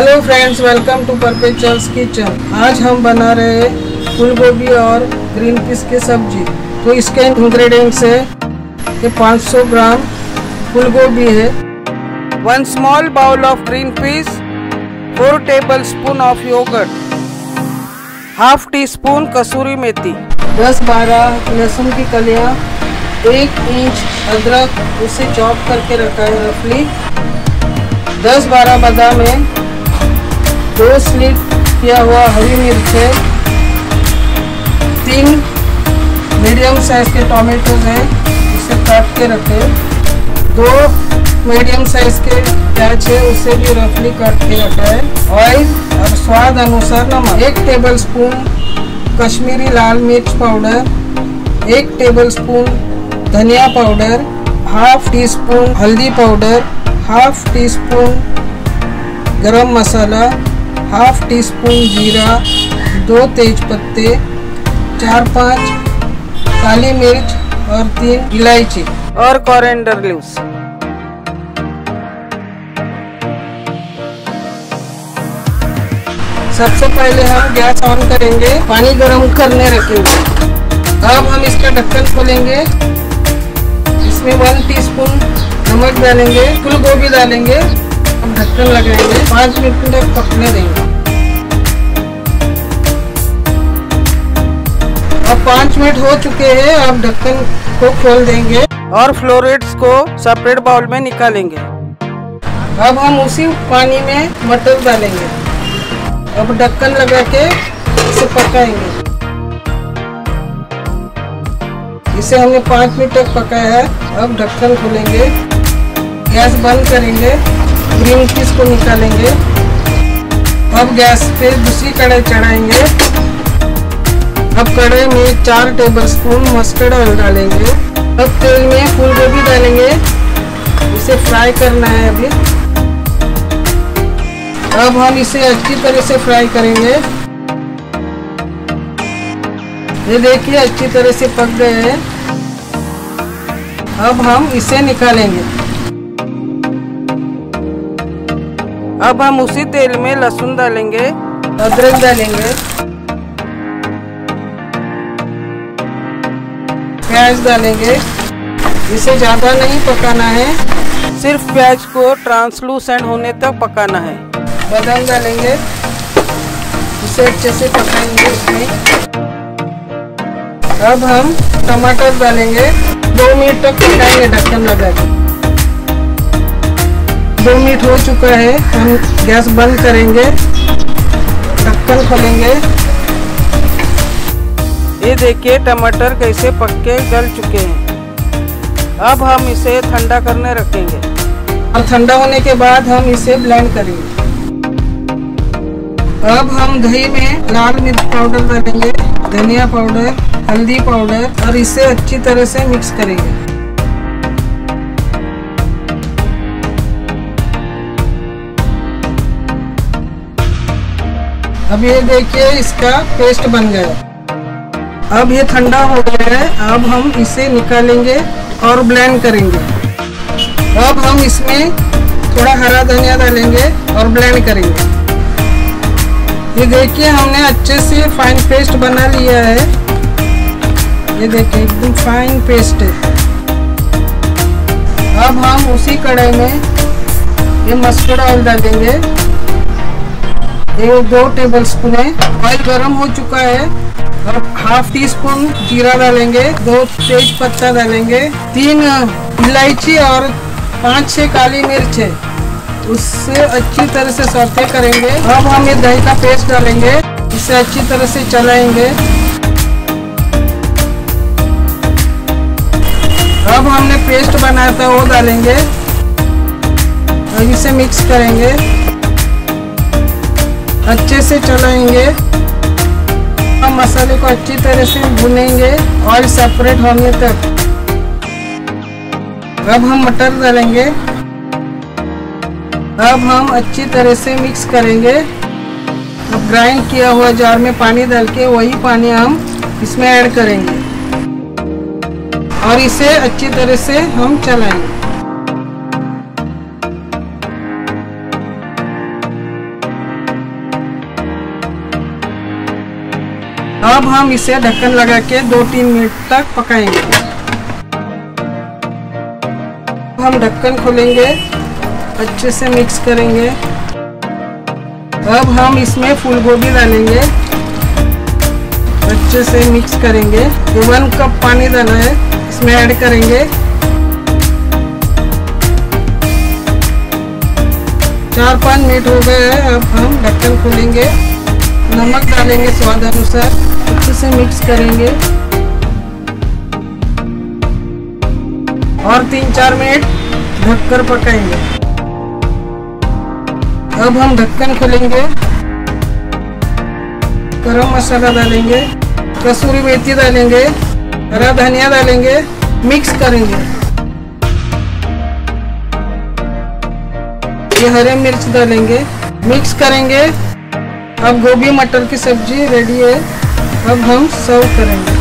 hello friends welcome to परपेचर्स kitchen आज हम बना रहे हैं फूल गोभी और ग्रीन पीस की सब्जी तो इसके इंग्रेडिएंट्स है ये 500 ग्राम फूल गोभी है one small bowl of green peas four tablespoon of yogurt half teaspoon कसूरी मेथी 10-12 लहसुन की कलिया एक इंच अदरक उसे चॉप करके रखा है रफली दस बारह बादाम है दो स्लिप किया हुआ हरी मिर्च है तीन मीडियम साइज के टोमेटोज हैं उसे काट के रखे दो मीडियम साइज के प्याज है उसे भी रफली काट के रखा है ऑयल और स्वाद अनुसार नमक एक टेबल स्पून कश्मीरी लाल मिर्च पाउडर एक टेबल स्पून धनिया पाउडर हाफ टी स्पून हल्दी पाउडर हाफ टी स्पून गरम मसाला हाफ टी स्पून जीरा दो तेज पत्ते चार पांच काली मिर्च और तीन इलायची और कॉरेंडर लीव्स सबसे पहले हम गैस ऑन करेंगे पानी गर्म करने रखेंगे अब हम इसका ढक्कन खोलेंगे इसमें वन टीस्पून नमक डालेंगे फूल गोभी डालेंगे हम ढक्कन लगाएंगे पाँच मिनट तक पकने देंगे अब पाँच मिनट हो चुके हैं अब ढक्कन को खोल देंगे और फ्लोरेट्स को सेपरेट बाउल में निकालेंगे अब हम उसी पानी में मटर डालेंगे अब ढक्कन लगा के इसे पकाएंगे इसे हमने पाँच मिनट तक पकाया है अब ढक्कन खोलेंगे गैस बंद करेंगे ग्रीन पीस को निकालेंगे अब गैस पे दूसरी कढ़ाई चढ़ाएंगे अब कढ़ाई में चार टेबल स्पून मस्टर्ड ऑयल डालेंगे अब तेल में फूल गोभी डालेंगे इसे फ्राई करना है अभी अब हम इसे अच्छी तरह से फ्राई करेंगे ये देखिए अच्छी तरह से पक गए हैं अब हम इसे निकालेंगे अब हम उसी तेल में लहसुन डालेंगे अदरक डालेंगे प्याज डालेंगे इसे ज़्यादा नहीं पकाना है सिर्फ प्याज को ट्रांसलूसेंट होने तक पकाना है बादाम डालेंगे इसे अच्छे से पकाएंगे इसमें अब हम टमाटर डालेंगे दो मिनट तक पकाएंगे ढक्कन लगा के दो मिनट हो चुका है हम गैस बंद करेंगे ढक्कन खोलेंगे ये देखिए टमाटर कैसे पक्के गल चुके हैं अब हम इसे ठंडा करने रखेंगे और ठंडा होने के बाद हम इसे ब्लेंड करेंगे अब हम दही में लाल मिर्च पाउडर डालेंगे धनिया पाउडर हल्दी पाउडर और इसे अच्छी तरह से मिक्स करेंगे अब ये देखिए इसका पेस्ट बन गया अब ये ठंडा हो गया है अब हम इसे निकालेंगे और ब्लेंड करेंगे अब हम इसमें थोड़ा हरा धनिया डालेंगे और ब्लेंड करेंगे ये देखिए हमने अच्छे से फाइन पेस्ट बना लिया है ये देखिए एकदम फाइन पेस्ट है अब हम उसी कढ़ाई में ये मस्टर्ड ऑयल डालेंगे ये दो टेबल स्पून है ऑयल गर्म हो चुका है अब हाफ टी स्पून जीरा डालेंगे दो तेज पत्ता डालेंगे तीन इलायची और पाँच छह काली मिर्च उससे अच्छी तरह से सौते करेंगे अब हम ये दही का पेस्ट डालेंगे इसे अच्छी तरह से चलाएंगे अब हमने पेस्ट बनाया था वो डालेंगे और इसे मिक्स करेंगे अच्छे से चलाएंगे हम मसाले को अच्छी तरह से भुनेंगे ऑयल सेपरेट होने तक अब हम मटर डालेंगे अब हम अच्छी तरह से मिक्स करेंगे अब ग्राइंड किया हुआ जार में पानी डाल के वही पानी हम इसमें ऐड करेंगे और इसे अच्छी तरह से हम चलाएंगे अब हम इसे ढक्कन लगा के दो तीन मिनट तक पकाएंगे हम ढक्कन खोलेंगे अच्छे से मिक्स करेंगे अब हम इसमें फूल गोभी डालेंगे अच्छे से मिक्स करेंगे वन कप पानी डाला है इसमें ऐड करेंगे चार पाँच मिनट हो गए हैं अब हम ढक्कन खोलेंगे नमक डालेंगे स्वाद अनुसार से मिक्स करेंगे और तीन चार मिनट ढककर पकाएंगे अब हम ढक्कन खोलेंगे गरम मसाला डालेंगे कसूरी मेथी डालेंगे हरा धनिया डालेंगे मिक्स करेंगे ये हरे मिर्च डालेंगे मिक्स करेंगे अब गोभी मटर की सब्जी रेडी है अब हम सर्व करेंगे